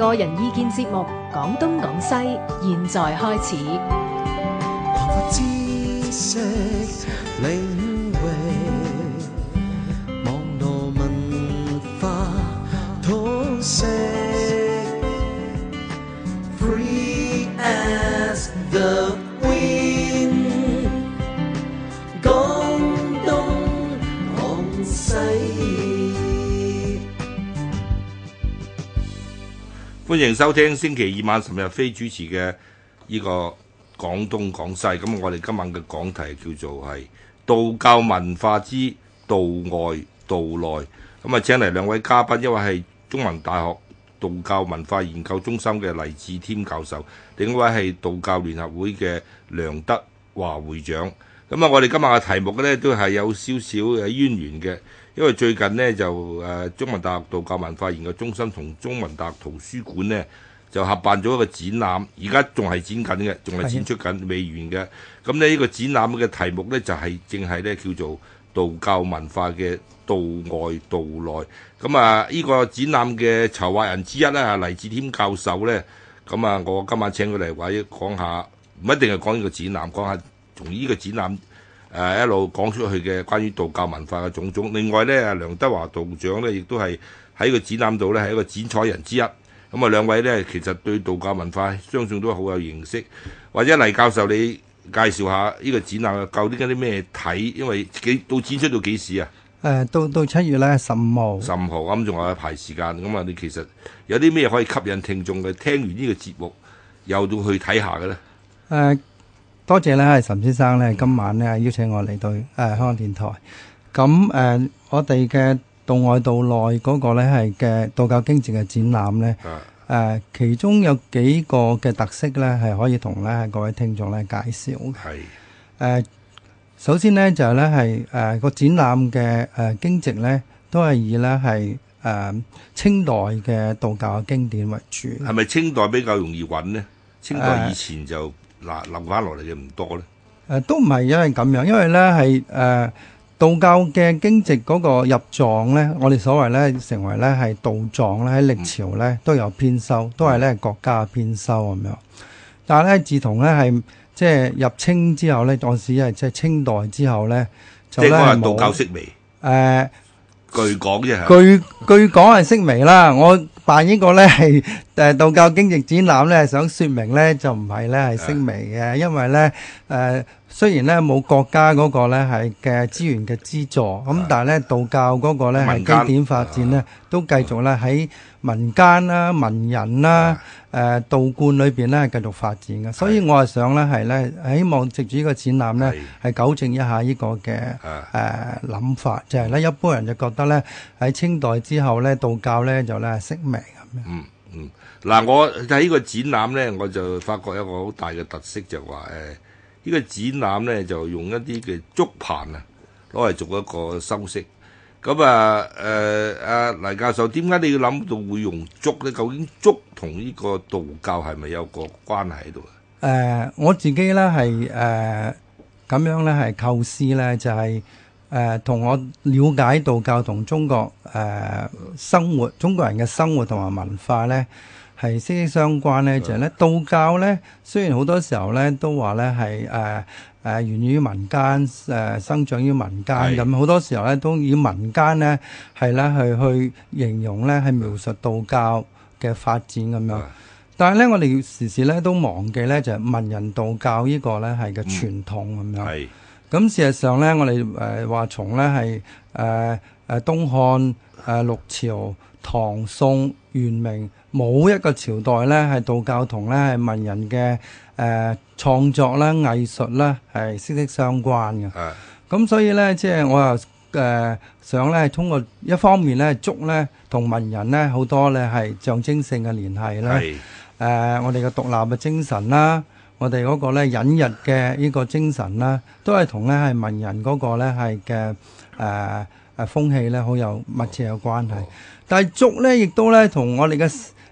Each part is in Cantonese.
個人意見節目講東講西現在開始。 歡迎收聽星期二晚岑逸飛主持嘅呢個廣東廣西，咁我哋今晚嘅講題叫做係道教文化之道外道內，咁啊請嚟兩位嘉賓，一位係中文大學道教文化研究中心嘅黎志添教授，另一位係道教聯合會嘅梁德華會長，咁啊我哋今日嘅題目呢，都係有少少嘅淵源嘅。因為最近呢，就誒中文大學道教文化研究中心同中文大學圖書館呢，就合辦咗一個展覽，而家仲係展緊嘅，仲係展出緊未完嘅。咁呢呢個展覽嘅題目呢，就係、是、正係呢叫做道教文化嘅道外道內。咁啊呢個展覽嘅籌劃人之一呢，係黎志添教授呢。咁啊我今晚請佢嚟話要講下，唔一定係講呢個展覽，講下從呢個展覽。誒、啊、一路講出去嘅關於道教文化嘅種種，另外咧，阿梁德華道長咧亦都係喺個展覽度咧係一個剪彩人之一。咁啊，兩位咧其實對道教文化相信都好有認識。或者黎教授，你介紹一下呢個展覽啊，究竟啲咩睇？因為幾到展出到幾時啊？誒、啊，到到七月咧十五號。十五號咁仲有一排時間。咁啊，你其實有啲咩可以吸引聽眾嘅？聽完呢個節目又到去睇下嘅咧？誒、啊。多謝咧，係岑先生咧，今晚咧邀請我嚟到誒香港電台。咁誒，我哋嘅道外道內嗰個咧係嘅道教經籍嘅展覽咧，誒，其中有幾個嘅特色咧係可以同咧各位聽眾咧介紹嘅。係誒，首先咧就咧係誒個展覽嘅誒經籍咧，都係以咧係誒清代嘅道教嘅經典為主。係咪清代比較容易揾呢？清代以前就。嗱，留翻落嚟就唔多咧。誒，都唔係因為咁樣，因為咧係誒道教嘅經籍嗰個入藏咧，我哋所謂咧成為咧係道藏咧喺歷朝咧都有編修，都係咧國家編修咁樣。但係咧自從咧係即係入清之後咧，當時係即係清代之後咧，就係嗰個道教式微。呃據講即係，據據講係式微啦。我辦呢個咧係誒道教經濟展覽咧，想說明咧就唔係咧係式微嘅，因為咧誒雖然咧冇國家嗰個咧係嘅資源嘅資助，咁但係咧道教嗰個咧係經典發展咧都繼續咧喺。民間啦、啊、文人啦、啊、誒、呃、道觀裏邊咧繼續發展嘅，所以我係想咧係咧，希望藉住呢個展覽咧，係糾正一下呢個嘅誒諗法，就係、是、咧一般人就覺得咧喺清代之後咧，道教咧就咧式微咁樣。嗯嗯，嗱，我喺呢個展覽咧，我就發覺一個好大嘅特色就係話誒，呢個展覽咧就用一啲嘅竹棚啊，攞嚟做一個修飾。咁啊，誒阿黎教授，點解你要諗到會用竹咧？究竟竹同呢個道教係咪有個關係喺度咧？誒，我自己咧係誒咁樣咧係構思咧，就係誒同我了解道教同中國誒生活，中國人嘅生活同埋文化咧，係息息相關咧，就係、是、咧道教咧。雖然好多時候咧都話咧係誒誒源於民間誒，生長於民間，咁好多時候咧都以民間咧係咧係去形容咧係描述道教嘅發展咁樣。但係咧，我哋時時咧都忘記咧就係文人道教呢個咧係嘅傳統咁樣。咁事實上咧，我哋誒話從咧係誒誒東漢、六朝、唐宋、元明。冇一個朝代咧，係道教同咧係文人嘅誒創作啦、藝術啦係息息相關嘅。係咁所以咧，即係我又誒想咧，通過一方面咧，竹咧同文人咧好多咧係象徵性嘅聯繫啦。係誒，我哋嘅獨立嘅精神啦，我哋嗰個咧隱逸嘅呢個精神啦，都係同咧係文人嗰個咧係嘅誒誒風氣咧，好有密切有關係。但係竹咧，亦都咧同我哋嘅。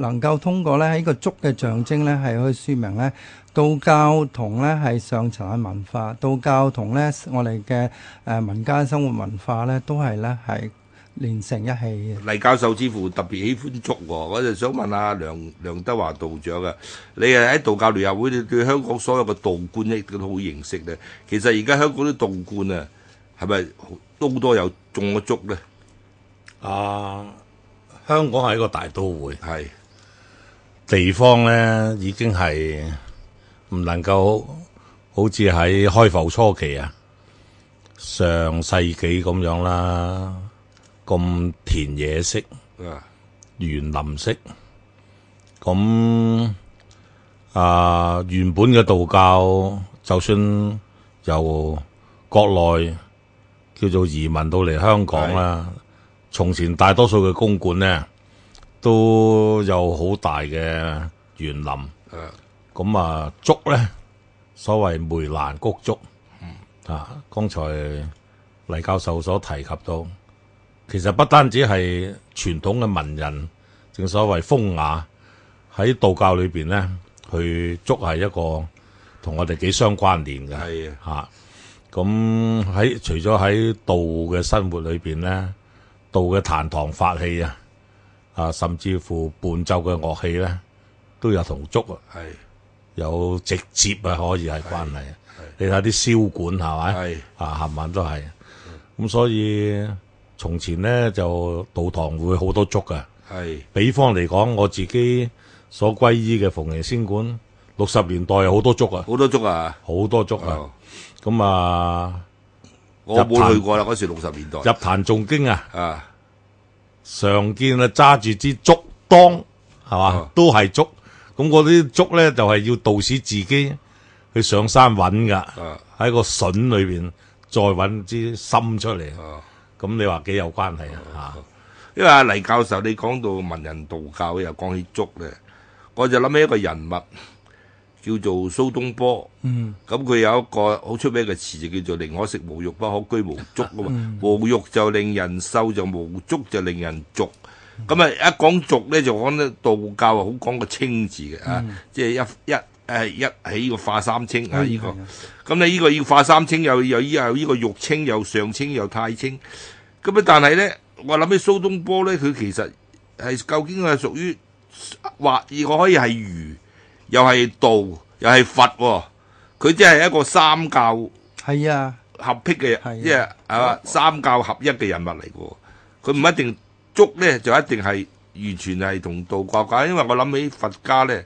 能夠通過咧喺個竹嘅象徵咧，係可以説明咧，道教同咧係上層嘅文化，道教同咧我哋嘅誒民間生活文化咧，都係咧係連成一氣嘅。黎教授似乎特別喜歡竹喎，我就想問下梁梁德華道長啊，你係喺道教聯合會對香港所有嘅道觀一啲都好認識咧。其實而家香港啲道觀啊，係咪都多有種咗竹咧？啊，香港係一個大都會，係。地方咧已經係唔能夠好似喺開埠初期啊上世紀咁樣啦，咁田野式、園林式咁，啊，原本嘅道教就算由國內叫做移民到嚟香港啦，從前大多數嘅公館咧。都有好大嘅園林，咁、嗯、啊，竹呢，所謂梅蘭菊竹，嗯、啊，剛才黎教授所提及到，其實不單止係傳統嘅文人，正所謂風雅，喺道教裏邊呢，去竹係一個同我哋幾相關聯嘅，吓，咁、啊、喺除咗喺道嘅生活裏邊呢，道嘅壇堂法器啊。啊，甚至乎伴奏嘅樂器咧，都有同竹啊，有直接啊可以係關係啊。你睇啲簫管係咪啊？冚唪唥都係。咁所以從前咧就道堂會好多竹啊。係，比方嚟講，我自己所歸依嘅蓬瀛仙館，六十年代有好多竹啊，好多竹啊，好多竹啊。咁啊，我冇去過啦，嗰時六十年代入壇誦經啊，啊！常見啊，揸住支竹當，係嘛，都係竹。咁嗰啲竹咧，就係、是、要道士自己去上山揾噶喺、啊、個筍裏邊再揾支心出嚟。咁、啊、你話幾有關係啊？吓、啊，因為阿黎教授你講到文人道教又講起竹咧，我就諗起一個人物。叫做蘇東坡，咁、嗯、佢有一個好出名嘅詞就叫做寧可食無肉，不可居無竹啊嘛、嗯！無肉就令人瘦，就無竹就令人俗。咁、嗯、啊、嗯，一講俗咧，就講咧道教啊，好講個清字嘅啊，即係一一誒一起化、嗯這個、這這個化三清啊呢個咁，你呢個要化三清，又又依又呢個玉清，又上清，又太清。咁啊，但係咧，我諗起蘇東坡咧，佢其實係究竟係屬於或個可以係儒又係道，又係佛、哦，佢即係一個三教係啊合辟嘅、啊，即係係、啊、三教合一嘅人物嚟嘅。佢唔一定足咧，就一定係完全係同道教掛鈎。因為我諗起佛家咧，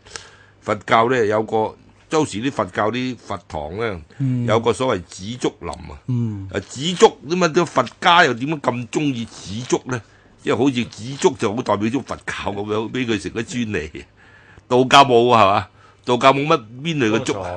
佛教咧有個周時啲佛教啲佛堂咧、嗯，有個所謂紫竹林啊。啊、嗯、紫竹點解啲佛家又點解咁中意紫竹咧？即係好似紫竹就好代表咗佛教咁樣，俾佢食啲專利。道教冇係嘛？道教冇乜邊類嘅竹啊！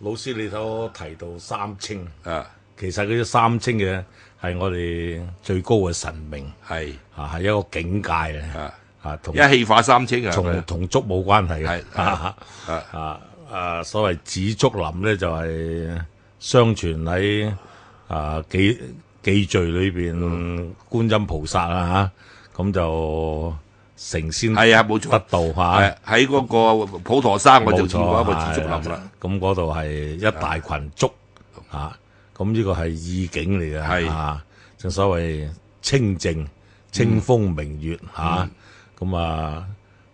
老師，你睇到提到三清啊，其實佢啲三清嘅係我哋最高嘅神明，係啊，係一個境界啊，啊，同一氣化三清啊，同同竹冇關係啊，啊啊啊！所謂紫竹林咧，就係相傳喺啊幾幾聚裏邊觀音菩薩啊嚇，咁就。成仙係啊，冇錯，得道、啊、吓。喺嗰、啊、個普陀山那，我就見過一個竹林啦。咁嗰度係一大群竹吓，咁呢、啊啊、個係意境嚟嘅、啊啊、正所謂清靜、嗯、清風明月吓，咁、嗯、啊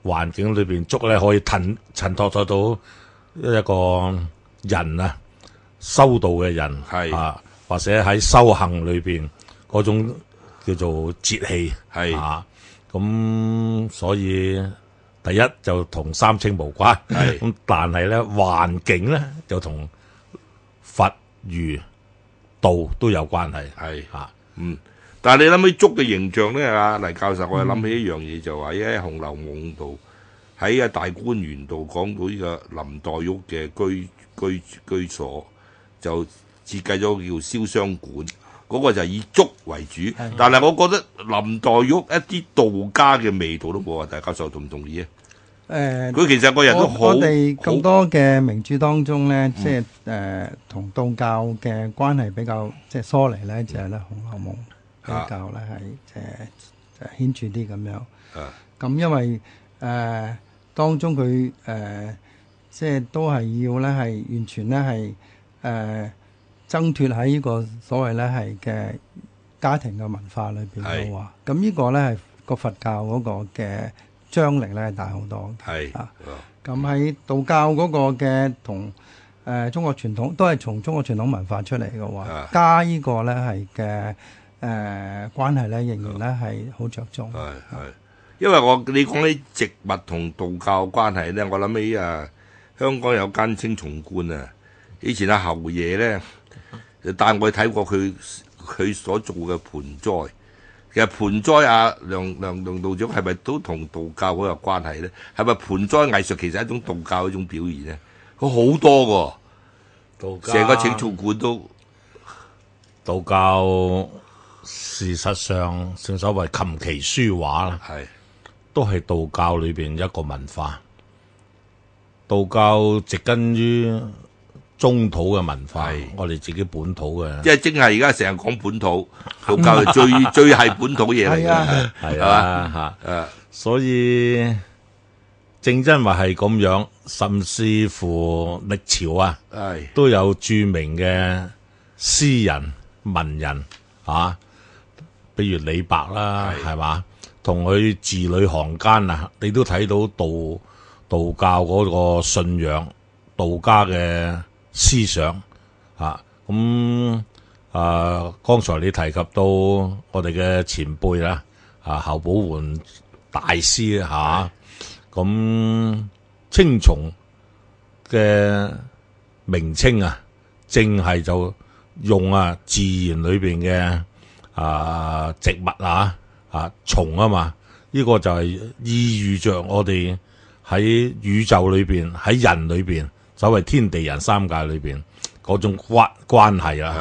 環、啊、境裏邊竹咧可以襯襯托到一個人啊修道嘅人係、啊啊，或者喺修行裏邊嗰種叫做節氣係。咁所以第一就同三清無關，咁但係咧環境咧就同佛、儒、道都有關係。係啊，嗯，但係你諗起竹嘅形象咧，阿黎教授，我諗起一樣嘢、嗯、就話、是、喺《紅樓夢》度喺大觀園度講到呢個林黛玉嘅居居居所，就設計咗叫瀟湘館。嗰、那個就係以竹為主，是但係我覺得林黛玉一啲道家嘅味道都冇啊！黎教授同唔同意啊？誒、呃，佢其實個人都好，我哋咁多嘅名著當中咧，即係誒同道教嘅關係比較即係疏離咧，就係、是、咧《紅樓夢》比較咧係誒牽住啲咁樣。啊！咁因為誒、呃、當中佢誒即係都係要咧係完全咧係誒。呃爭脱喺呢個所謂咧係嘅家庭嘅文化裏邊嘅話，咁呢個咧係個佛教嗰個嘅張力咧大好多。係啊，咁喺道教嗰個嘅同誒中國傳統都係從中國傳統文化出嚟嘅話，加呢個咧係嘅誒關係咧仍然咧係好着重。係係，因為我你講起植物同道教關係咧，我諗起啊，香港有間青松觀啊，以前阿侯爺咧。但我去睇過佢佢所做嘅盆栽，其實盆栽啊，梁梁梁道長係咪都同道教好有關係咧？係咪盆栽藝術其實係一種道教一種表現咧？佢好多喎，道教成個青松觀都道教，事實上正所謂琴棋書畫啦，係都係道教裏面一個文化。道教植根於中土嘅文化，我哋自己本土嘅，即係正係而家成日講本土，道教係最 最係本土嘢嚟嘅，係 嘛、啊，係，係 所以正因話係咁樣，甚至乎歷朝啊，都有著名嘅詩人文人啊，比如李白啦，係嘛，同佢字裏行間啊，你都睇到道道教嗰個信仰，道家嘅。思想啊，咁啊，剛才你提及到我哋嘅前輩啦，啊侯寶桓大師啊，咁青蟲嘅名稱啊，正係就用啊自然裏邊嘅啊植物啊，啊蟲啊嘛，呢個就係意喻着我哋喺宇宙裏邊，喺人裏邊。所謂天地人三界裏邊嗰種關關係啦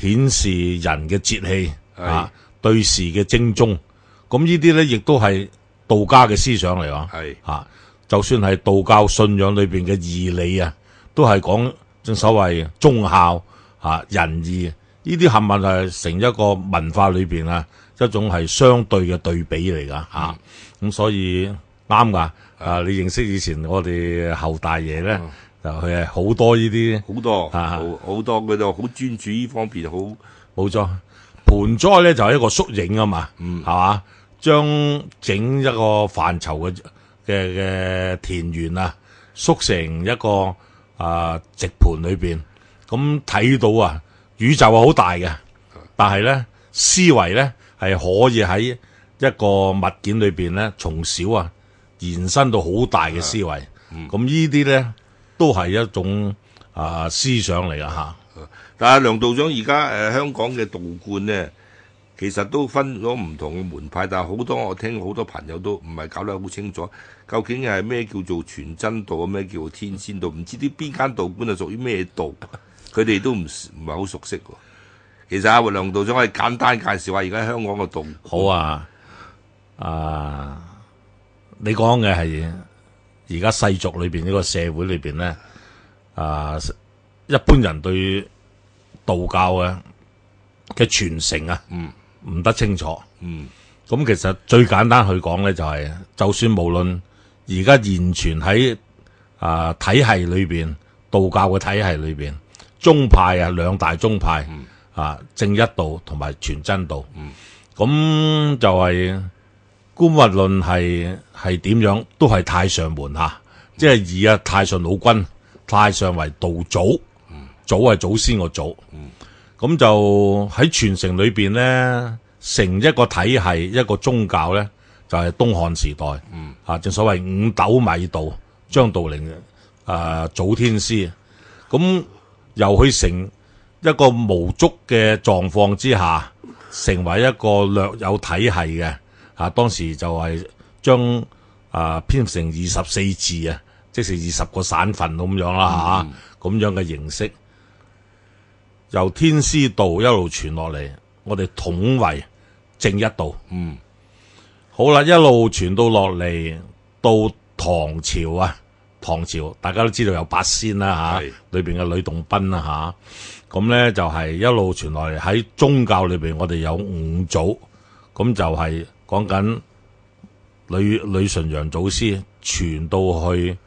吓，顯示人嘅節氣啊，對事嘅精忠，咁呢啲咧亦都係道家嘅思想嚟啊，係吓，就算係道教信仰裏邊嘅義理啊，都係講正所謂忠孝吓、啊、仁義，呢啲冚唪唥係成一個文化裏邊啊一種係相對嘅對比嚟噶吓，咁、啊、所以。啱噶，啊！你認識以前我哋後大爺咧、嗯，就佢係好多呢啲好多啊，好多佢就好專注呢方面好冇錯。盆栽咧就係一個縮影啊嘛，係、嗯、嘛，將整一個範疇嘅嘅嘅田園啊縮成一個啊、呃、直盤裏面，咁睇到啊，宇宙係好大嘅，但係咧思維咧係可以喺一個物件裏面咧，從小啊～延伸到好大嘅思維，咁、嗯嗯、呢啲呢都係一種啊思想嚟㗎吓。但係梁道長而家、呃、香港嘅道觀呢，其實都分咗唔同嘅門派，但係好多我聽好多朋友都唔係搞得好清楚，究竟係咩叫做全真道，咩叫做天仙道，唔知啲邊間道觀係屬於咩道，佢 哋都唔唔係好熟悉。其實阿梁道長可以簡單介紹下而家香港嘅道觀。好啊，啊。你講嘅係而家世俗裏邊呢、這個社會裏邊咧，啊，一般人對道教嘅傳承啊，嗯，唔得清楚，嗯，咁其實最簡單去講咧，就係就算無論而家現存喺啊體系裏邊，道教嘅體系裏邊，宗派啊兩大宗派，嗯、啊正一道同埋全真道，咁、嗯、就係、是。《觀物論》係係點樣，都係太上門吓，即係以啊太上老君、太上為道祖，祖係祖先個祖。咁就喺傳承裏邊呢，成一個體系，一個宗教呢，就係、是、東漢時代吓。正所謂五斗米道，張道陵啊、呃，祖天師。咁又去成一個無足嘅狀況之下，成為一個略有體系嘅。啊！當時就係將啊編成二十四字啊，即係二十個省份咁樣啦、啊、嚇，咁、嗯嗯、樣嘅形式由天師道一路傳落嚟，我哋統為正一道。嗯，好啦，一路傳到落嚟到唐朝啊，唐朝大家都知道有八仙啦、啊、嚇，裏邊嘅呂洞賓啦嚇，咁、啊、咧就係、是、一路傳落嚟喺宗教裏邊，我哋有五祖，咁就係、是。講緊呂呂純陽祖師傳到去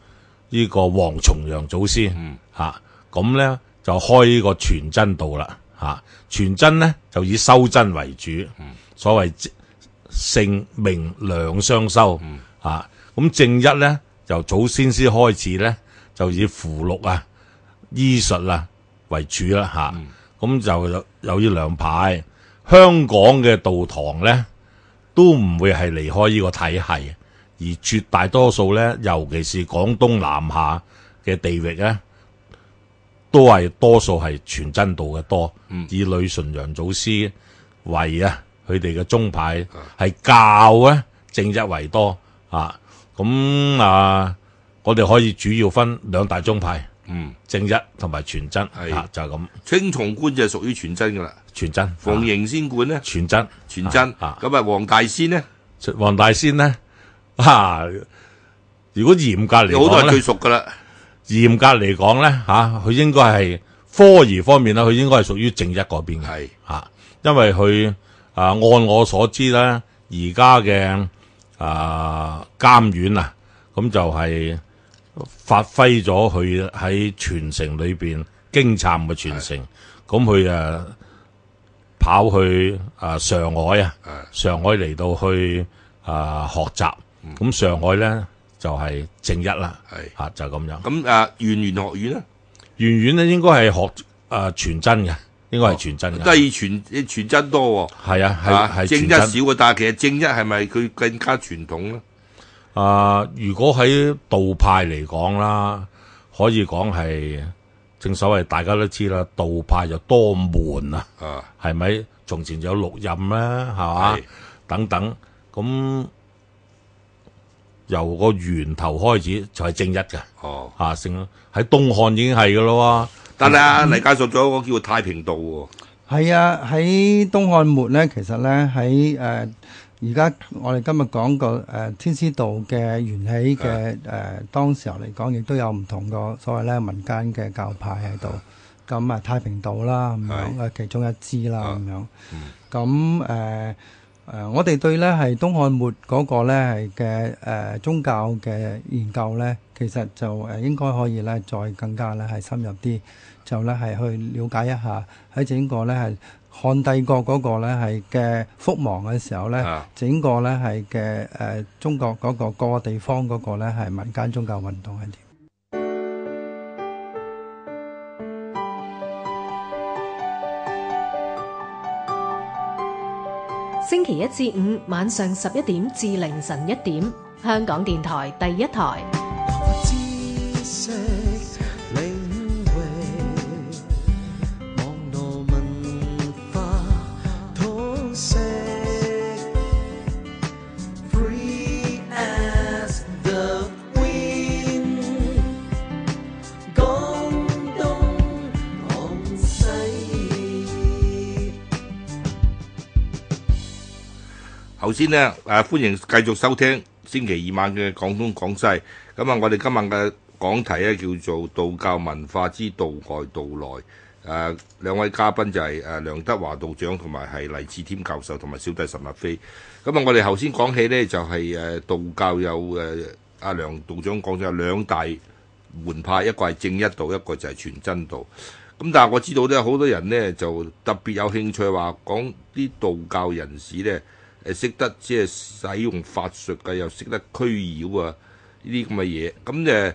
呢個王重陽祖師，吓咁、嗯啊、呢就開呢個全真道啦，吓、啊、全真呢就以修真為主，嗯、所謂性命兩相修，吓、嗯、咁、啊、正一呢，由祖先先開始呢，就以符籙啊醫術啊為主啦，吓、啊、咁、嗯、就有有呢兩派香港嘅道堂呢。都唔會係離開呢個體系，而絕大多數呢，尤其是廣東南下嘅地域呢，都係多數係全真道嘅多，嗯、以呂純陽祖師為啊，佢哋嘅宗派係教咧、啊、正一為多啊。咁啊，我哋可以主要分兩大宗派。嗯，正一同埋全真係就係、是、咁，青松觀就係屬於全真噶啦，全真，蓬瀛仙觀咧，全真，啊、全真，咁啊，黃大仙咧，黃大仙咧，吓、啊，如果嚴格嚟講，好多人最熟噶啦，嚴格嚟講咧，吓、啊，佢應該係科儀方面啦，佢應該係屬於正一嗰邊嘅，係吓、啊，因為佢啊，按我所知咧，而家嘅啊監院啊，咁就係、是。發揮咗佢喺傳承裏邊，精湛嘅傳承，咁佢啊跑去啊上海啊，上海嚟到去啊、呃、學習，咁上海咧就係、是、正一啦，係吓、啊、就咁、是、樣。咁啊圓玄學院咧，圓玄咧應該係學啊全、呃、真嘅，應該係全真嘅，即係全全真多、哦，係啊係係正一少嘅，但係其實正一係咪佢更加傳統咧？啊、呃！如果喺道派嚟講啦，可以講係正所謂大家都知啦，道派就多門啊，係、啊、咪？從前就有六任啦、啊，係嘛？等等，咁、嗯、由個源頭開始就係、是、正一嘅哦，上、啊、喺東漢已經係噶咯，但係阿黎教授介紹咗個叫太平道喎。係啊，喺、啊、東漢末咧，其實咧喺誒。而家我哋今日講個誒天師道嘅源起嘅誒，當時候嚟講，亦都有唔同個所謂咧民間嘅教派喺度。咁啊太平道啦咁樣，誒其中一支啦咁樣。咁誒誒，我哋對咧係東漢末嗰個咧係嘅誒宗教嘅研究咧，其實就誒應該可以咧再更加咧係深入啲，就咧係去了解一下喺整個咧係。漢帝國嗰個咧係嘅覆亡嘅時候咧，整個咧係嘅誒中國嗰個各個地方嗰個咧係民間宗教運動係點？星期一至五晚上十一點至凌晨一點，香港電台第一台。首先呢，誒、啊、歡迎繼續收聽星期二晚嘅講東講西。咁啊、嗯，我哋今晚嘅講題咧叫做道教文化之道外道內。誒、啊，兩位嘉賓就係誒梁德華道長同埋係黎志添教授同埋小弟岑逸飛。咁、嗯、啊、嗯，我哋頭先講起呢，就係、是、誒道教有誒阿、啊、梁道長講咗有兩大門派，一個係正一道，一個就係全真道。咁、嗯、但係我知道呢，好多人呢就特別有興趣話講啲道教人士呢，誒識得即係使，使用法術嘅，又識得驅妖啊！呢啲咁嘅嘢，咁誒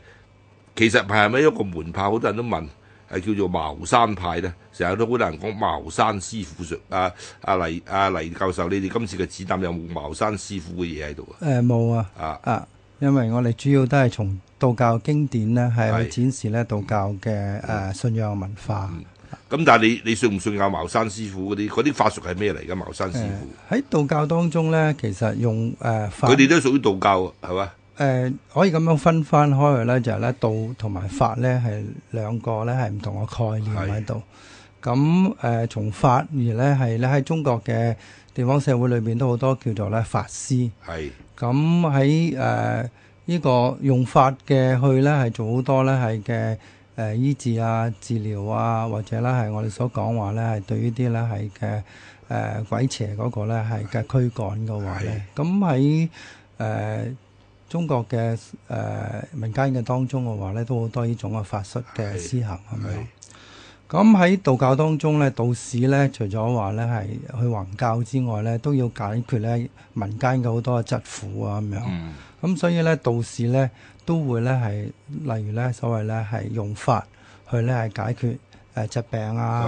其實係咪一個門派？好多人都問，係叫做茅山派咧。成日都好多人講茅山師傅，術阿阿黎阿、啊、黎教授，你哋今次嘅指南有冇茅山師傅嘅嘢喺度啊？誒、呃、冇啊！啊，因為我哋主要都係從道教經典咧，係去展示咧道教嘅誒信仰文化。嗯嗯咁但係你你信唔信啊？茅山師傅嗰啲，嗰啲法術係咩嚟噶？茅山師傅喺道教當中咧，其實用、呃、法，佢哋都屬於道教係嘛？誒、呃，可以咁樣分翻開去咧，就係、是、咧道同埋法咧係兩個咧係唔同嘅概念喺度。咁誒、呃，從法而咧係咧喺中國嘅地方社會裏面都好多叫做咧法師。係咁喺誒呢個用法嘅去咧係做好多咧係嘅。誒、呃、醫治啊、治療啊，或者咧係我哋所講話咧，係對於啲咧係嘅鬼邪嗰個咧係嘅驅趕嘅話咧，咁喺誒中國嘅誒、呃、民間嘅當中嘅話咧，都好多呢種嘅法術嘅施行係咪？咁喺道教當中咧，道士咧除咗話咧係去弘教之外咧，都要解決咧民間嘅好多疾苦啊咁樣。嗯咁所以咧，道士咧都會咧係例如咧，所謂咧係用法去咧係解決誒疾病啊，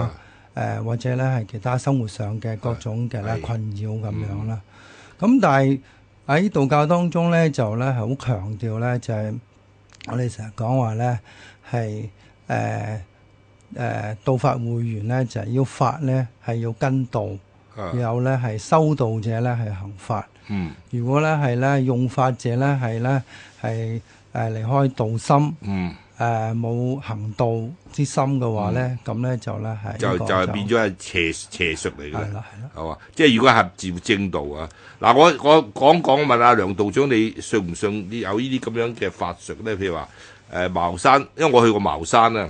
誒、呃 yeah. 或者咧係其他生活上嘅各種嘅咧困擾咁、yeah. 樣啦。咁、yeah. 但係喺道教當中咧，就咧係好強調咧，就係、是、我哋成日講話咧係誒誒道法會員咧就係、是、要法咧係要跟道，有咧係修道者咧係行法。嗯，如果咧係咧用法者咧係咧係誒離開道心，嗯誒冇、呃、行道之心嘅話咧，咁、嗯、咧就咧係就、這個、就係變咗係邪邪術嚟嘅。係啦係啦，好啊。即係如果合照正道啊嗱、啊，我我講講咪啦，問問啊、梁道長你信唔信？你有這這呢啲咁樣嘅法術咧？譬如話誒、呃、茅山，因為我去過茅山啊，誒、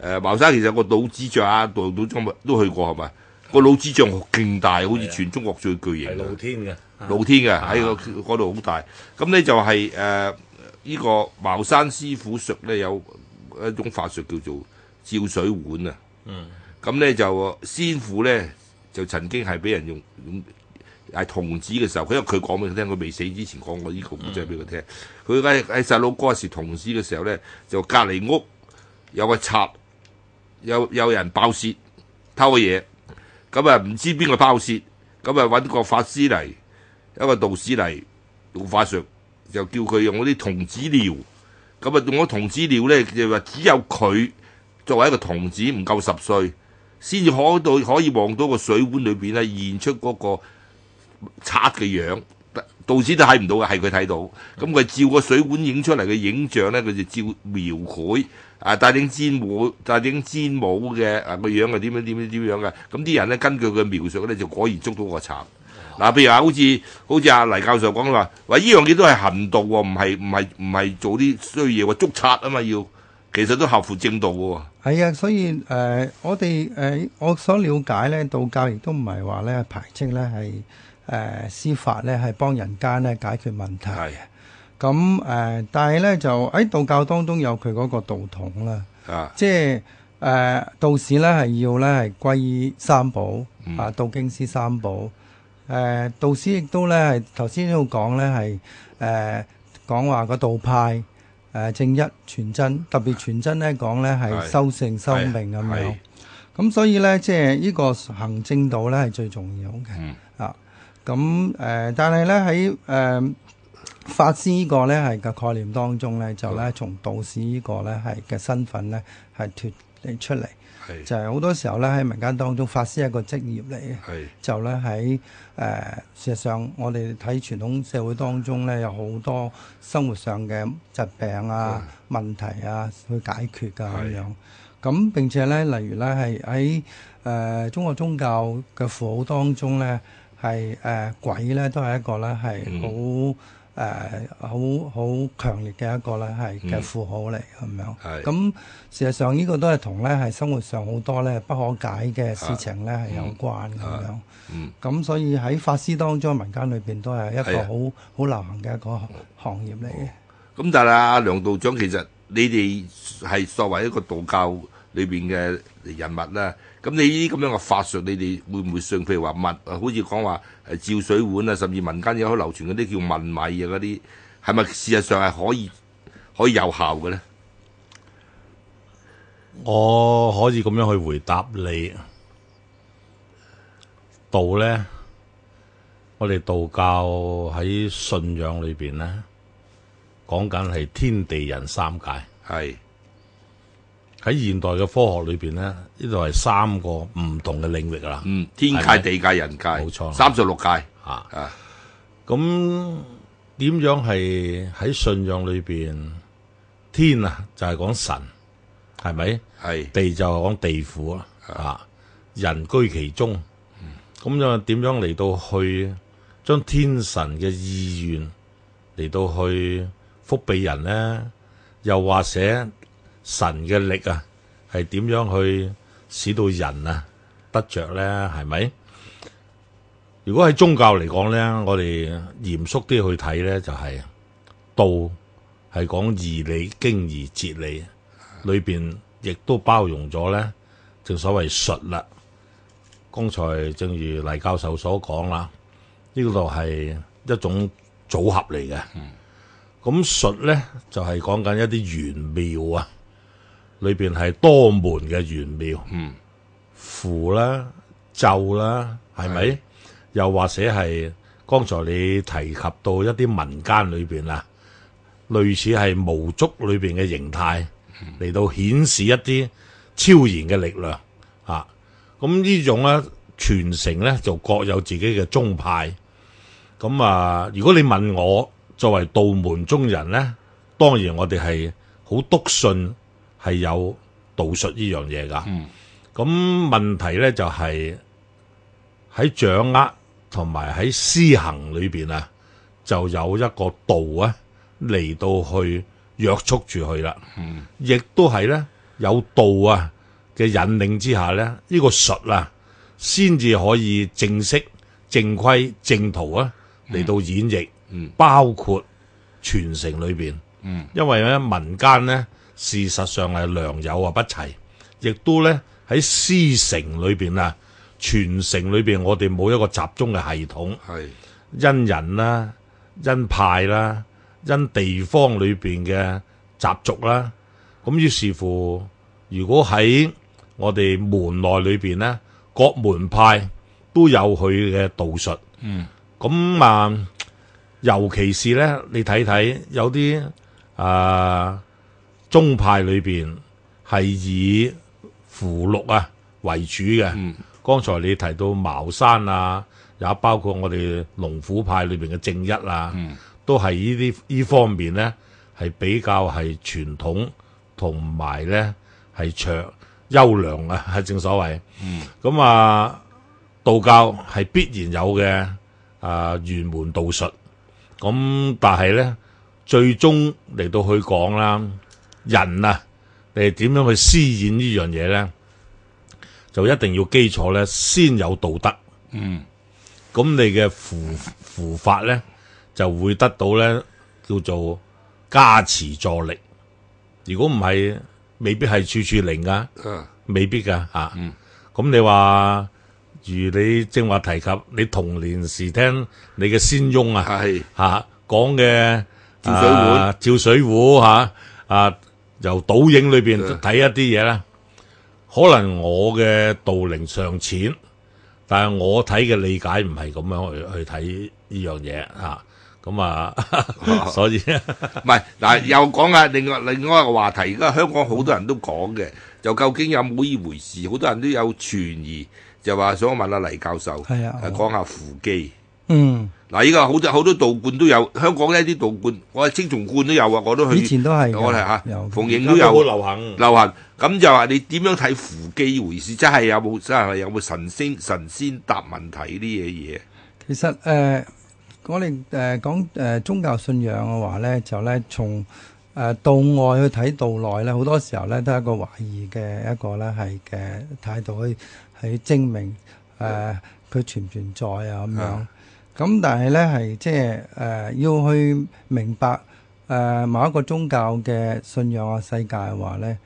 呃、茅山其實個老子像啊，道道都去過係咪？那個老子像勁大，好似全中國最巨型露天嘅。露天嘅喺個嗰度好大，咁呢就係誒呢個茅山師傅術呢，有一種法術叫做照水碗啊。嗯，咁呢就師傅呢，就曾經係俾人用係童子嘅時候，因為佢講俾佢聽，佢未死之前講過呢個古仔俾佢聽。佢喺喺細佬哥時童子嘅時候呢，就隔離屋有個賊，有有人爆竊偷嘢，咁啊唔知邊個爆竊，咁啊揾個法師嚟。一個道士嚟，做法術，就叫佢用嗰啲童子尿，咁啊用嗰童子尿咧，就話只有佢作為一個童子唔夠十歲，先至可到可以望到個水碗裏邊咧現出嗰個賊嘅樣，道士都睇唔到嘅，係佢睇到。咁佢照個水碗影出嚟嘅影像咧，佢就照描繪啊帶頂尖帽、帶頂尖帽嘅啊個樣係點樣點樣點樣嘅。咁啲人咧根據佢描述咧就果然捉到個賊。嗱、啊，譬如話，好似好似阿黎教授講啦，話呢樣嘢都係行道喎，唔係唔係唔係做啲衰嘢喎，捉賊啊嘛要，其實都合乎正道喎、啊。係啊，所以誒、呃，我哋誒、呃，我所了解咧，道教亦都唔係話咧排斥咧係誒司法咧係幫人間咧解決問題。咁誒、呃，但係咧就喺、哎、道教當中有佢嗰個道統啦。啊。即係誒、呃、道士咧係要咧係歸三寶啊、嗯，道經師三寶。誒、呃、道士亦都咧係頭先都講咧係誒講話個道派誒、呃、正一全真，特別全真咧講咧係修性修命咁樣，咁所以咧即係呢、就是、個行政道咧係最重要嘅、嗯、啊。咁、呃、誒，但係咧喺誒法師個呢個咧係嘅概念當中咧，就咧從道士個呢個咧係嘅身份咧係脫離出嚟。是就係、是、好多時候咧，喺民間當中，法師一個職業嚟嘅。就咧喺誒，事實上我哋睇傳統社會當中咧，有好多生活上嘅疾病啊、哦、問題啊去解決㗎咁樣。咁並且咧，例如咧，係喺誒中國宗教嘅符號當中咧，係誒、呃、鬼咧都係一個咧係好。誒、呃，好好強烈嘅一個咧，係嘅富豪嚟，咁樣。係。咁事實上呢個都係同咧，係生活上好多咧不可解嘅事情咧係、啊、有關咁樣嗯。咁、嗯、所以喺法師當中、嗯、民間裏面都係一個好好、啊、流行嘅一個行業嚟嘅。咁但係阿梁道長，其實你哋係作為一個道教。裏邊嘅人物啦，咁你呢啲咁樣嘅法術，你哋會唔會信？譬如話物，好似講話誒照水碗啊，甚至民間有好流傳嗰啲叫問米啊嗰啲，係咪事實上係可以可以有效嘅咧？我可以咁樣去回答你，道咧，我哋道教喺信仰裏邊咧，講緊係天地人三界。係。喺現代嘅科學裏面咧，呢度係三個唔同嘅領域啦。嗯，天界、地界、人界，冇錯，三十六界。啊啊，咁點樣係喺信仰裏面？天啊，就係、是、講神，係咪？係。地就係講地府啦、啊。啊，人居其中。咁、嗯、樣點樣嚟到去將天神嘅意願嚟到去福庇人咧？又或者？神嘅力啊，係點樣去使到人啊得着咧？係咪？如果喺宗教嚟講咧，我哋嚴肅啲去睇咧，就係道係講義理、經義哲理，裏邊亦都包容咗咧。正所謂術啦，剛才正如黎教授所講啦，呢度係一種組合嚟嘅。咁術咧就係講緊一啲玄妙啊！裏邊係多門嘅玄妙，符、嗯、啦、啊、咒啦、啊，係咪、嗯？又或者係剛才你提及到一啲民間裏邊啦，類似係巫祝裏邊嘅形態嚟到顯示一啲超然嘅力量啊。咁、啊、呢種咧傳承咧就各有自己嘅宗派。咁啊，如果你問我作為道門中人咧，當然我哋係好篤信。係有道術呢樣嘢噶，嗯，咁問題咧就係喺掌握同埋喺施行裏邊啊，就有一個道啊嚟到去約束住佢啦，亦都係咧有道啊嘅引領之下咧，呢個術啊先至可以正式正規正途啊嚟到演繹，包括傳承裏邊。嗯，因為咧民間咧事實上係良莠啊不齊，亦都咧喺師承裏面，啊，傳承裏面我哋冇一個集中嘅系統。係因人啦、啊，因派啦、啊，因地方裏面嘅習俗啦、啊。咁於是乎，如果喺我哋門內裏面，咧，各門派都有佢嘅道術。嗯，咁啊，尤其是咧，你睇睇有啲。啊、呃，宗派裏邊係以符籙啊為主嘅。剛、嗯、才你提到茅山啊，也包括我哋龍虎派裏邊嘅正一啊，嗯、都係呢啲呢方面呢係比較係傳統，同埋呢係長優良啊，正所謂。咁、嗯、啊、嗯呃，道教係必然有嘅啊，玄、呃、門道術。咁、嗯、但係呢。最終嚟到去講啦，人啊，你點樣去施展呢樣嘢咧，就一定要基礎咧，先有道德。嗯，咁你嘅符法咧，就會得到咧叫做加持助力。如果唔係，未必係處處靈噶、嗯，未必噶吓。咁、啊嗯、你話如你正話提及，你童年時聽你嘅先翁啊，吓講嘅。啊照水壺，照水壺吓，啊由倒影裏邊睇一啲嘢咧，可能我嘅道齡尚淺，但係我睇嘅理解唔係咁樣去去睇呢樣嘢吓，咁啊，所以唔係嗱，又講下另外另外一個話題，而家香港好多人都講嘅，就究竟有冇呢回事？好多人都有存疑，就話想問阿黎教授，係啊，講下扶乩。嗯，嗱，依家好多好多道觀都有，香港呢啲道觀，我係青松觀都有啊，我都去。以前都係我哋吓，鳳形都有都流行，流行。咁就話你點樣睇扶乩回事？真係有冇，即係有冇神仙神仙答問題啲嘢嘢？其實誒，我哋誒講誒宗教信仰嘅話咧，就咧從誒道外去睇道內咧，好多時候咧都一個懷疑嘅一個咧係嘅態度去去證明誒佢存唔存在啊咁樣。咁但係咧，係即係誒，要去明白誒某一個宗教嘅信仰嘅世界嘅話咧，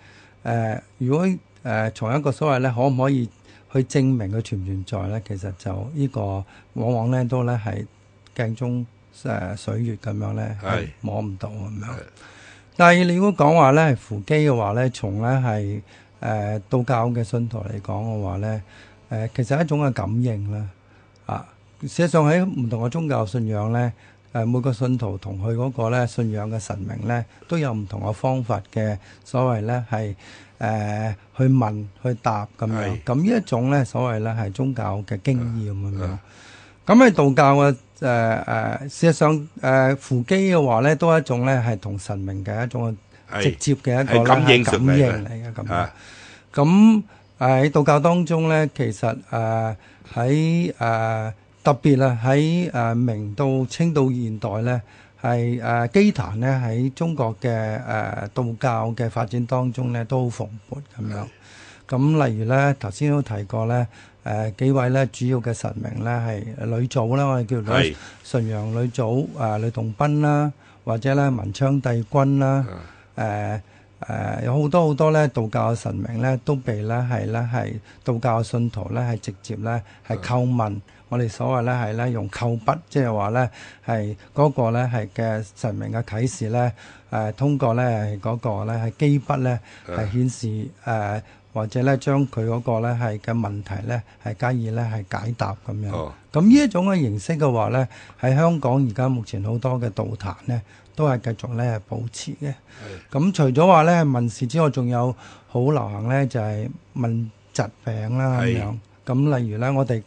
誒如果誒從一個所謂咧，可唔可以去證明佢存唔存在咧？其實就呢個往往咧都咧係鏡中誒水月咁樣咧，係摸唔到咁樣。但係你如果講話咧，係扶乩嘅話咧，從咧係誒道教嘅信徒嚟講嘅話咧，誒其實一種嘅感應啦。事實上喺唔同嘅宗教信仰咧，誒每個信徒同佢嗰個咧信仰嘅神明咧，都有唔同嘅方法嘅所謂咧，係誒去問去答咁樣。咁呢一種咧，所謂咧係宗教嘅經驗咁樣。咁喺道教嘅誒誒，事實上誒扶乩嘅話咧，都係一種咧係同神明嘅一種直接嘅一個拉感應嚟嘅咁。咁喺道教當中咧，其實誒喺誒。特別啊，喺誒明到清到現代咧，係誒基壇咧喺中國嘅誒道教嘅發展當中咧都好蓬勃咁樣。咁例如咧，頭先都提過咧，誒幾位咧主要嘅神明咧係呂祖啦，我哋叫佢純陽呂祖啊，呂洞賓啦，或者咧文昌帝君啦，誒。誒、呃、有好多好多咧道教嘅神明咧，都被咧係咧係道教嘅信徒咧係直接咧係叩問、嗯、我哋所謂咧係咧用乩筆，即係話咧係嗰個咧係嘅神明嘅啟示咧，誒、呃、通過咧嗰、那個咧係乩筆咧係顯示誒、呃、或者咧將佢嗰個咧係嘅問題咧係加以咧係解答咁樣。咁、哦、呢一種嘅形式嘅話咧，喺香港而家目前好多嘅道壇咧。都係繼續咧保持嘅。咁是、嗯、除咗話咧問事之外，仲有好流行咧就係、是、問疾病啦咁樣。咁是、嗯、例如咧，我哋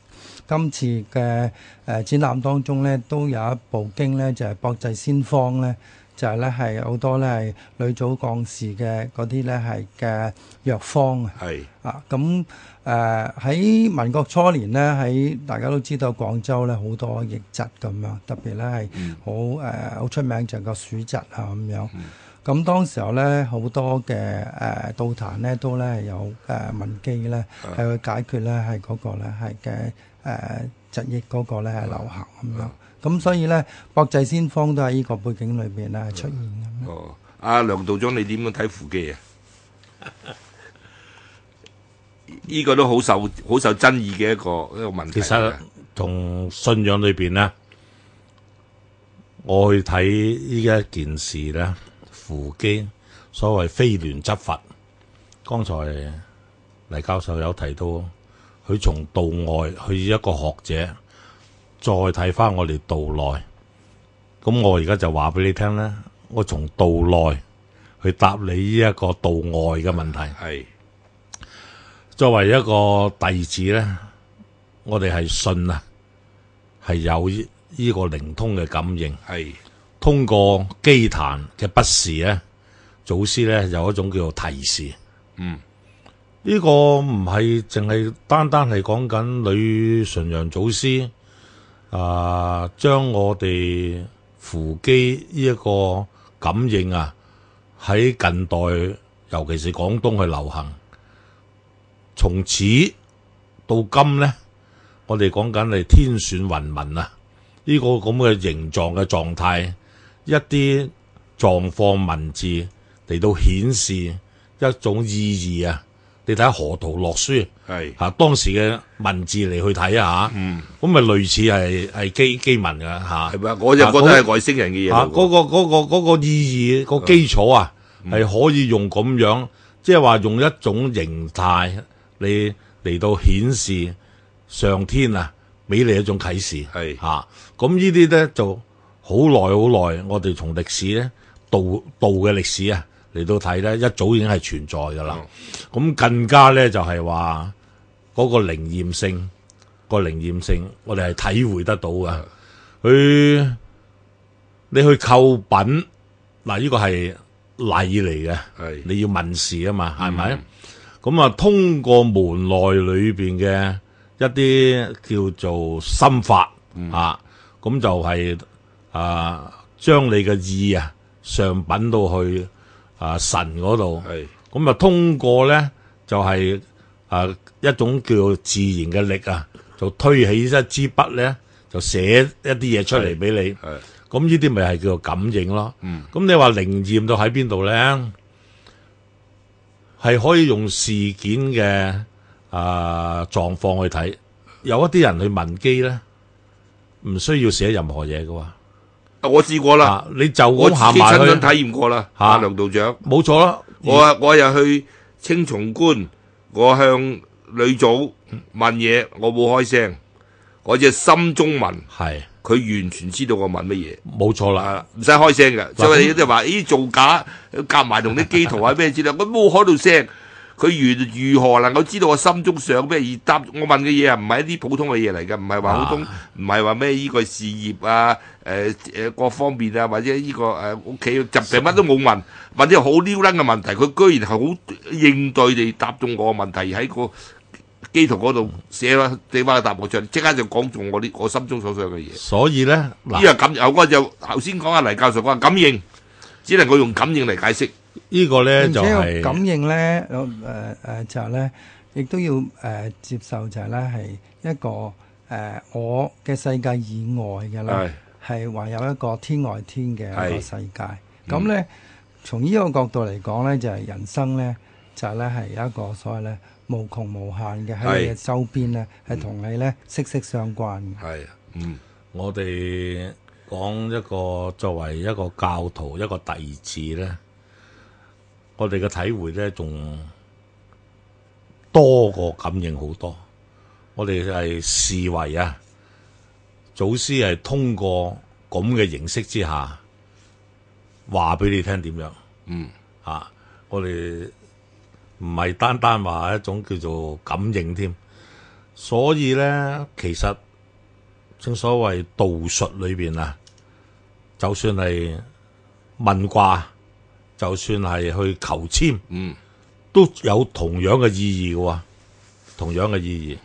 今次嘅誒、呃、展覽當中咧都有一部經咧就係、是、《博濟先方》咧。就係咧，係好多咧係女祖降士嘅嗰啲咧係嘅藥方啊！係啊，咁誒喺民國初年咧，喺大家都知道廣州咧好多疫疾咁樣，特別咧係好誒好出名就係個鼠疫啊咁樣。咁當時候咧好多嘅誒道壇咧都咧有誒問機咧，係去解決咧係嗰個咧係嘅誒疾疫嗰個咧係流行咁樣。咁所以咧，國際先鋒都喺依個背景裏邊咧出現咁。哦，阿梁道長，你點樣睇扶乩啊？依個都好受好受爭議嘅一個一個問題。其實從信仰裏邊咧，我去睇依家一件事咧，扶乩所謂非聯執法。剛才黎教授有提到，佢從道外，去一個學者。再睇翻我哋道內，咁我而家就話俾你聽咧。我從道內去答你呢一個道外嘅問題。係、嗯、作為一個弟子咧，我哋係信啊，係有呢個靈通嘅感應。係通過基壇嘅筆示咧，祖師咧有一種叫做提示。嗯、呢、這個唔係淨係單單係講緊呂純陽祖師。啊！將我哋扶乩呢一個感應啊，喺近代尤其是廣東去流行，從此到今呢，我哋講緊係天選雲文啊！呢、這個咁嘅形狀嘅狀態，一啲狀況文字嚟到顯示一種意義啊！你睇下河圖洛書，係嚇、啊、當時嘅文字嚟去睇下，咁、啊、咪、嗯、類似係係基基文㗎。咪、啊？我就覺得係外星人嘅嘢。嗰、嗰個嗰嗰、啊嗰個嗰個嗰個嗰個、意義、嗰個基礎啊，係、嗯、可以用咁樣，即係話用一種形態你嚟到顯示上天啊，俾你一種啟示。咁、啊、呢啲咧就好耐好耐，我哋從歷史咧道道嘅歷史啊。嚟到睇咧，一早已經係存在噶啦。咁更加咧就係話嗰個靈驗性，個靈驗性我哋係體會得到㗎。佢你去購品嗱，呢、這個係禮嚟嘅，係你要問事啊嘛，係咪？咁啊、嗯，通過門內裏邊嘅一啲叫做心法、嗯、啊，咁就係、是、啊，將你嘅意啊上品到去。啊神嗰度，咁啊通過咧就係啊一種叫做自然嘅力啊，就推起一支筆咧，就寫一啲嘢出嚟俾你。咁呢啲咪係叫做感應咯。咁你話靈驗到喺邊度咧？係可以用事件嘅啊狀況去睇。有一啲人去問乩咧，唔需要寫任何嘢㗎。我試過啦、啊，你就走過我自己親身體驗過啦，阿、啊、梁道長，冇錯啦。我我又去青松觀，我向呂祖問嘢，我冇開聲，我、那、只、個、心中問，係佢完全知道我問乜嘢，冇錯啦，唔、啊、使開聲嘅、嗯。所以你啲人話，咦、欸，造假夾埋同啲基圖啊，咩之類，我冇開到聲。佢如如何能夠知道我心中想咩而答？我問嘅嘢啊，唔係一啲普通嘅嘢嚟嘅，唔係話普通，唔係話咩呢個事業啊、呃，各方面啊，或者呢、呢個誒屋企疾病乜都冇問，或者好撩撚嘅問題，佢居然好應對地答中我問題，喺個機台嗰度寫啦，寫返個答幕上，即刻就講中我啲我心中所想嘅嘢。所以咧，呢個感有、啊、就只，頭先講阿黎教授講感應只能夠用感應嚟解釋。這個、呢個咧就係。感應咧，誒誒就係、是、咧，亦、嗯呃就是、都要誒、呃、接受就係咧，係一個誒、呃、我嘅世界以外嘅啦，係話有一個天外天嘅一個世界。咁咧，從呢、嗯嗯、個角度嚟講咧，就係、是、人生咧，就係咧係一個所謂咧無窮無限嘅喺你嘅周邊咧，係同、嗯、你咧息息相關嘅。係嗯，我哋講一個作為一個教徒一個弟子咧。我哋嘅體會咧，仲多過感應好多。我哋係視為啊，祖師係通過咁嘅形式之下，話俾你聽點樣。嗯，啊，我哋唔係單單話一種叫做感應添。所以咧，其實正所謂道術裏面啊，就算係問卦。就算係去求籤，都有同樣嘅意義嘅喎，同樣嘅意義。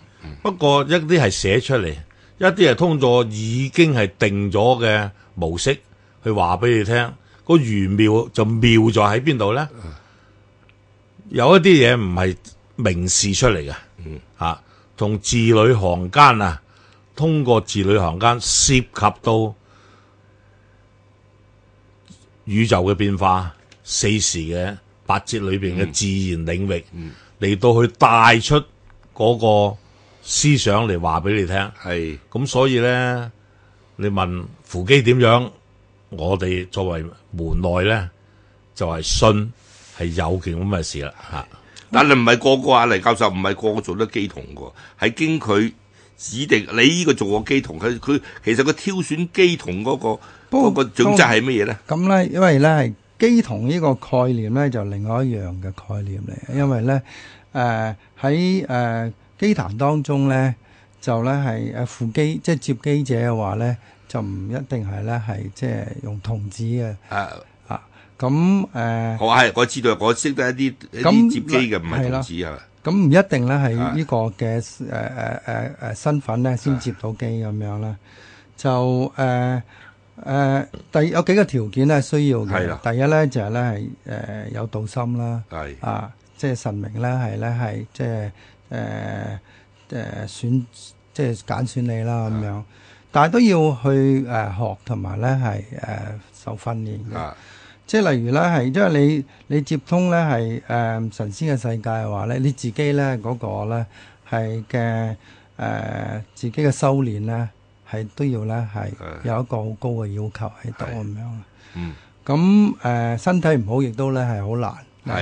不過一啲係寫出嚟，一啲係通過已經係定咗嘅模式去話俾你聽。個玄妙就妙在喺邊度呢、嗯？有一啲嘢唔係明示出嚟嘅，嚇、啊，同字裏行間啊，通過字裏行間涉及到宇宙嘅變化。四時嘅八節裏面嘅自然領域，嚟到去帶出嗰個思想嚟話俾你聽。咁，所以咧，你問扶乩點樣？我哋作為門內咧，就係、是、信係有件咁嘅事啦。但係唔係個個啊黎教授，唔係個個做得乩童嘅喎。係經佢指定，你呢個做個乩童，佢佢其實佢挑選乩童嗰、那個嗰、那個準則係乜嘢咧？咁咧，因為咧。機同呢個概念咧，就另外一樣嘅概念嚟。因為咧誒喺誒機壇當中咧就咧係誒副機，即係接機者嘅話咧，就唔一定係咧係即係用童子嘅誒啊咁誒，我係我知道我識得一啲一啲接機嘅唔係童子係嘛，咁唔一定咧係呢個嘅誒誒誒誒身份咧先接到機咁樣啦，就誒。誒，第有幾個條件咧需要嘅？第一咧就係咧係誒有道心啦，啊，即係神明咧係咧係即係誒誒選即係揀選你啦咁樣，但係都要去誒學同埋咧係誒受訓練嘅，即係例如咧係因為你你接通咧係誒神仙嘅世界嘅話咧，你自己咧嗰個咧係嘅誒自己嘅修練咧。係都要咧，係有一個好高嘅要求喺度咁樣。嗯，咁誒，身體唔好亦都咧係好難，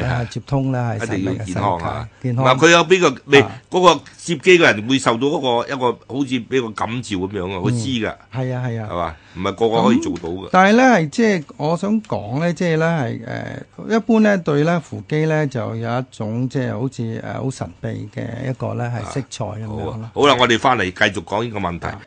係係接通咧，一定要健康啊！健康嗱，佢有邊個未？嗰個接乩嘅人會受到嗰個一個好似俾個感召咁樣啊，佢知噶。係啊係啊，係嘛，唔係個個可以做到噶。但係咧係即係，我想講咧，即係咧係誒，一般咧對咧扶乩咧就有一種即係好似誒好神秘嘅一個咧係色彩咁樣咯。好啦，我哋翻嚟繼續講呢個問題。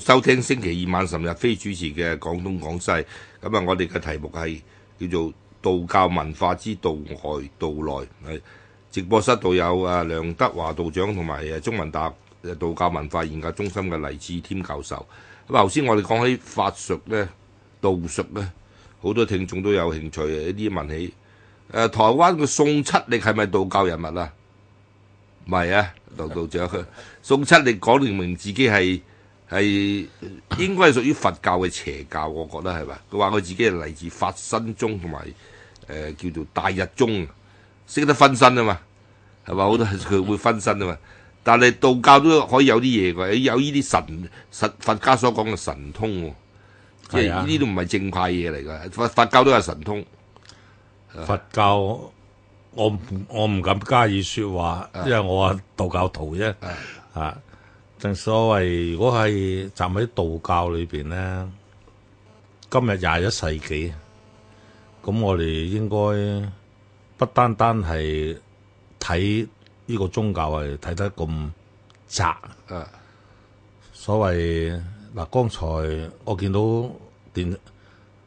收聽星期二晚岑逸飛主持嘅廣東廣西。咁啊，我哋嘅題目係叫做道教文化之道外道內，係直播室度有啊梁德華道長同埋誒中文大學道教文化研究中心嘅黎志添教授。咁啊，頭先我哋講起法術咧、道術咧，好多聽眾都有興趣一啲問起，誒、啊、台灣嘅宋七力係咪道教人物啊？唔係啊，梁道長， 宋七力講明明自己係。係應該係屬於佛教嘅邪教，我覺得係嘛？佢話佢自己係嚟自法身宗同埋誒叫做大日宗，識得分身啊嘛，係嘛，好多佢會分身啊嘛。但係道教都可以有啲嘢嘅，有呢啲神，佛家所講嘅神通，即係呢啲都唔係正派嘢嚟嘅。佛，佛教都有神通，佛教我，我唔敢加以説話，啊，因為我係道教徒啫啊。正所謂，如果係站喺道教裏邊咧，今日廿一世紀，咁我哋應該不單單係睇呢個宗教係睇得咁窄。誒、啊，所謂嗱，剛才我見到電。